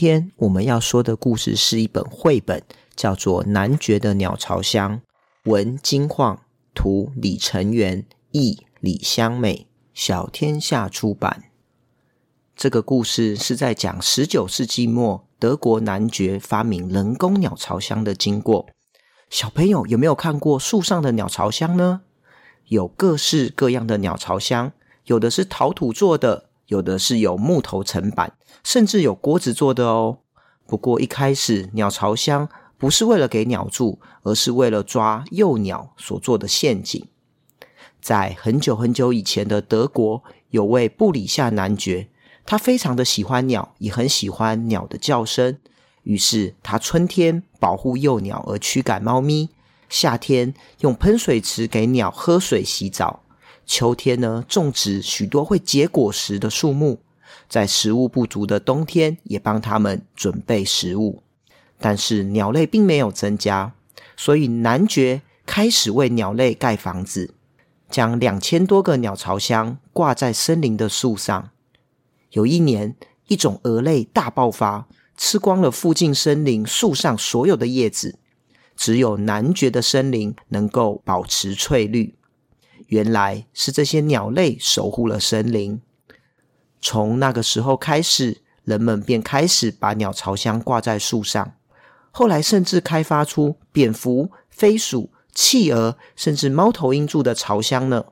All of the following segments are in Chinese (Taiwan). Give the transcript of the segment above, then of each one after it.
今天我們要說的故事是一本繪本，叫做《男爵的鳥巢箱》，文金晃，圖李承源，譯李相美，小天下出版。這個故事是在講十九世紀末德國男爵發明人工鳥巢箱的經過。小朋友有沒有看過樹上的鳥巢箱呢？有各式各樣的鳥巢箱，有的是陶土做的。有的是有木頭層板，甚至有鍋子做的哦。不過一開始，鳥巢箱不是為了給鳥住，而是為了抓幼鳥所做的陷阱。在很久很久以前的德國，有位布里夏男爵，他非常的喜歡鳥，也很喜歡鳥的叫聲。於是他春天保護幼鳥而驅趕貓咪，夏天用噴水池給鳥喝水洗澡。秋天呢，種植許多會結果實的樹木，在食物不足的冬天，也幫牠們準備食物。但是鳥類並沒有增加，所以男爵開始為鳥類蓋房子，將兩千多個鳥巢箱掛在森林的樹上。有一年，一種蛾類大爆發，吃光了附近森林樹上所有的葉子，只有男爵的森林能夠保持翠綠。原來是這些鳥類守護了森林。從那個時候開始，人們便開始把鳥巢箱掛在樹上，後來甚至開發出蝙蝠、飛鼠、企鵝，甚至貓頭鷹住的巢箱呢。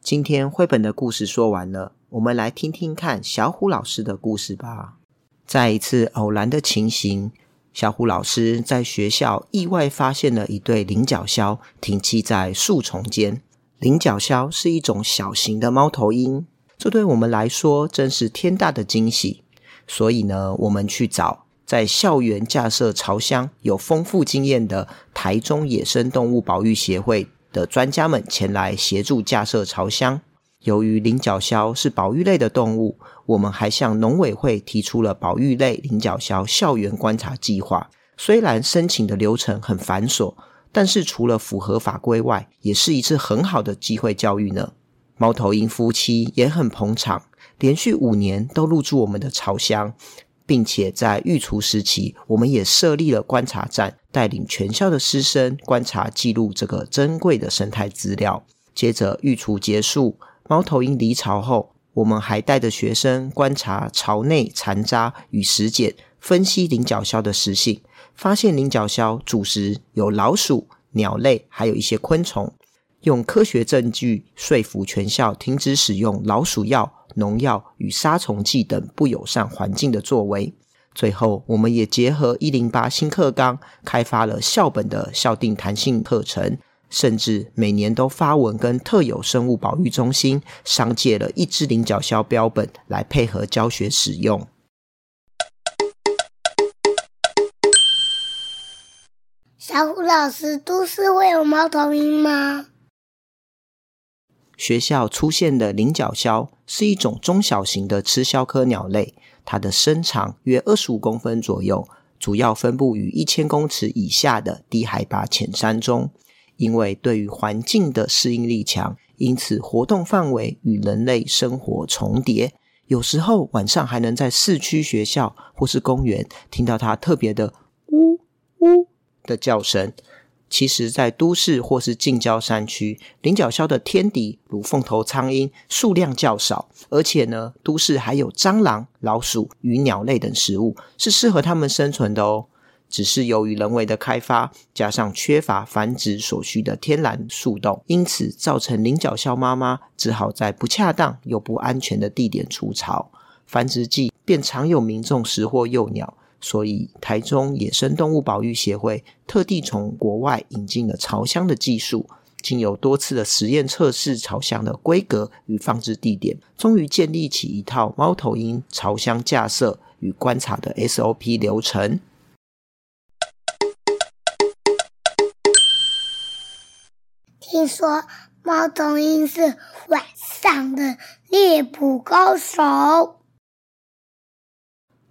今天繪本的故事說完了，我們來聽聽看小虎老師的故事吧。在一次偶然的情形，小虎老師在學校意外發現了一對領角鴞停棲在樹叢間。領角鴞是一種小型的貓頭鷹，這對我們來說真是天大的驚喜。所以呢，我們去找在校園架設巢箱有豐富經驗的台中野生動物保育協會的專家們前來協助架設巢箱。由於領角鴞是保育類的動物，我們還向農委會提出了保育類領角鴞校園觀察計劃。雖然申請的流程很繁瑣。但是除了符合法規外，也是一次很好的機會教育呢。貓頭鷹夫妻也很捧場，連續五年都入住我們的巢箱，並且在育雛時期，我們也設立了觀察站，帶領全校的師生觀察記錄這個珍貴的生態資料。接着育雛結束，貓頭鷹離巢後，我們還帶着學生觀察巢內殘渣與食繭，分析領角鴞的食性。發現領角鴞主食有老鼠、鳥類，還有一些昆蟲。用科學證據說服全校停止使用老鼠藥、農藥與殺蟲劑等不友善環境的作為。最後，我們也結合一零八新課綱，開發了校本的校定彈性課程，甚至每年都發文跟特有生物保育中心商借了一隻領角鴞標本來配合教學使用。老師，都市會有貓頭鷹嗎？學校出現的領角鴞是一種中小型的鴟鴞科鳥類，它的身長約二十五公分左右，主要分布於一千公尺以下的低海拔淺山中。因為對於環境的適應力強，因此活動範圍與人類生活重疊，有時候晚上還能在市區學校或是公園聽到它特別的“嗚嗚”。的叫聲，其實，在都市或是近郊山區，領角鴞的天敵如鳳頭蒼鷹數量較少，而且呢，都市還有蟑螂、老鼠與鳥類等食物，是適合它們生存的哦。只是由於人為的開發，加上缺乏繁殖所需的天然樹洞，因此造成領角鴞媽媽只好在不恰當又不安全的地點出巢。繁殖季便常有民眾拾獲幼鳥。所以，台中野生動物保育協會特地從國外引進了巢箱的技術，經有多次的實驗測試巢箱的規格與放置地點，終於建立起一套貓頭鷹巢箱架設與觀察的 SOP 流程。聽說貓頭鷹是晚上的獵捕高手。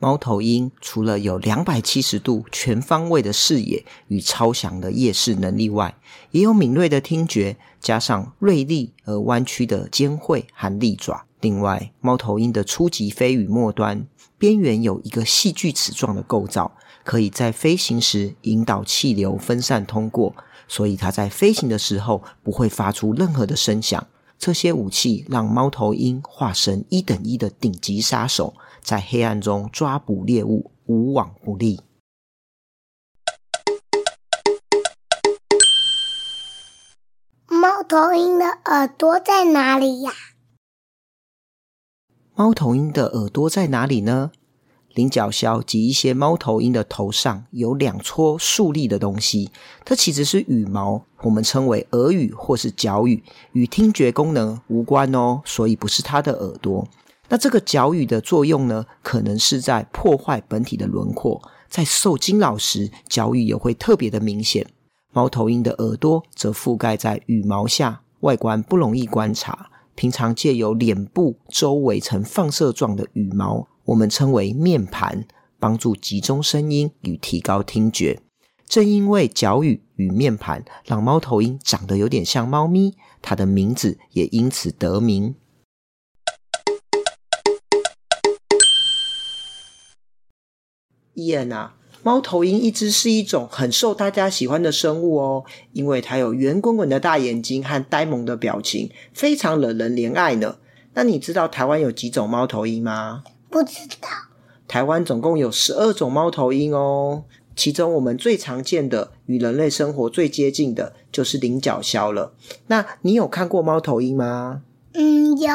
貓頭鷹除了有兩百七十度全方位的視野與超強的夜視能力外，也有敏銳的聽覺，加上銳利而彎曲的尖喙和利爪。另外，貓頭鷹的初級飛羽末端邊緣有一個細鋸齒狀的構造，可以在飛行時引導氣流分散通過，所以它在飛行的時候不會發出任何的聲響。這些武器讓貓頭鷹化身一等一的頂級殺手。在黑暗中抓捕獵物，無往不利。貓頭鷹的耳朵在哪裡呀、啊？貓頭鷹的耳朵在哪裡呢？領角鴞及一些貓頭鷹的頭上有兩撮豎立的東西，它其實是羽毛，我們稱為耳羽或是角羽，與聽覺功能無關哦，所以不是它的耳朵。那這個角羽的作用呢，可能是在破壞本體的輪廓，在受驚擾時，角羽也會特別的明顯。貓頭鷹的耳朵則覆蓋在羽毛下，外觀不容易觀察。平常借由臉部周圍呈放射狀的羽毛，我們稱為面盤，幫助集中聲音與提高聽覺。正因為角羽與面盤，讓貓頭鷹長得有點像貓咪，它的名字也因此得名。伊恩啊，貓頭鷹一直是一種很受大家喜歡的生物哦，因為它有圓滾滾的大眼睛和呆萌的表情，非常惹人憐愛呢。那你知道台灣有幾種貓頭鷹嗎？不知道。台灣總共有十二種貓頭鷹哦，其中我們最常見的、與人類生活最接近的就是領角鴞了。那你有看過貓頭鷹嗎？嗯，有。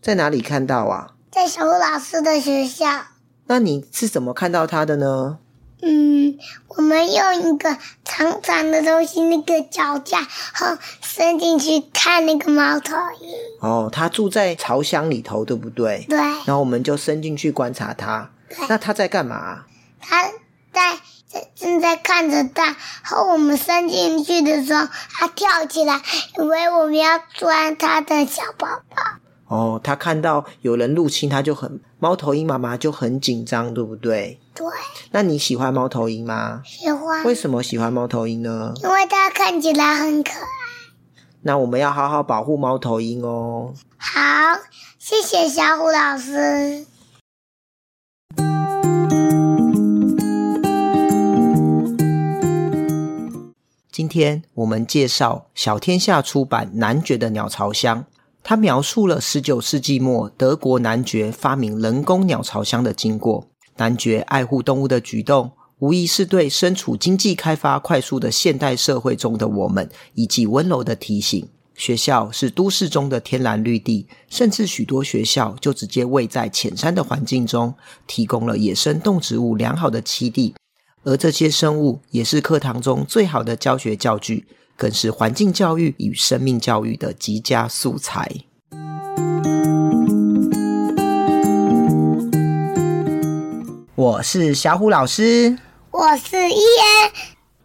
在哪裡看到啊？在小虎老師的學校。那你是怎麼看到它的呢嗯，我們用一個長長的東西，那個腳架，然後伸進去看那個貓頭鷹。哦，它住在巢箱裡頭，對不對？對。然後我們就伸進去觀察它。對。那它在幹嘛？它在正正在看着蛋。然後我們伸進去的時候，它跳起來，以為我們要抓它的小寶寶。哦，他看到有人入侵，他就很貓頭鷹媽媽就很緊張，對不對？對。那你喜歡貓頭鷹嗎？喜歡。為什麼喜歡貓頭鷹呢？因為它看起來很可愛。那我們要好好保護貓頭鷹哦。好，謝謝小虎老師。今天我們介紹小天下出版《男爵的鳥巢箱》。他描述了十九世紀末德國男爵發明人工鳥巢箱的經過。男爵愛護動物的舉動，無疑是對身處經濟開發快速的現代社會中的我們，一記溫柔的提醒。學校是都市中的天然綠地，甚至許多學校就直接位在淺山的環境中，提供了野生動植物良好的棲地，而這些生物也是課堂中最好的教學教具。更是環境教育與生命教育的極佳素材。我是小虎老師，我是伊恩，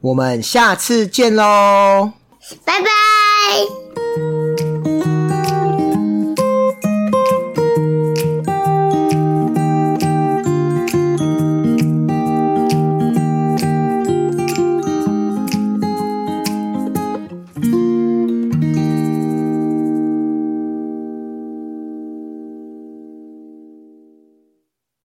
我們下次見嘍，拜拜。